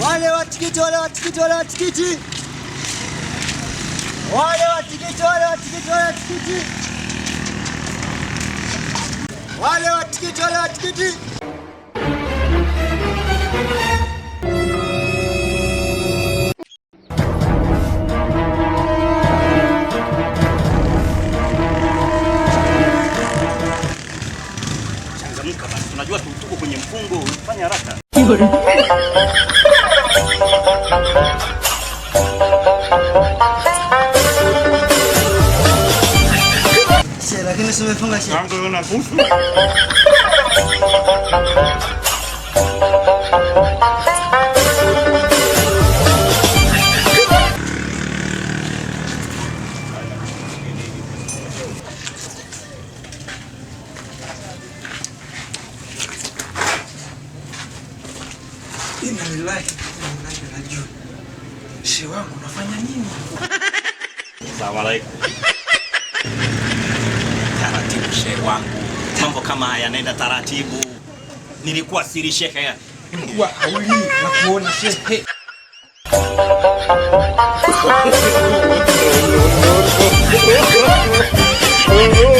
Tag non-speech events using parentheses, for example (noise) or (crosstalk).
Wale wa tikiti, wale wa tikiti, wale wa tikiti, wale wa tikiti, wale wa tikiti, wale wa tikiti, wale wa tikiti, wale wa tikiti. Changamka basi, unajua tuko kwenye mfungo, fanya haraka. (laughs) lakini si umefunga shati. Wangu unakufa. Shehe wangu unafanya nini? Salamu alaykum. shehe wangu, mambo kama haya yanaenda taratibu. Nilikuwa siri shehe, nilikuwa hauli na kuona shehe (laughs)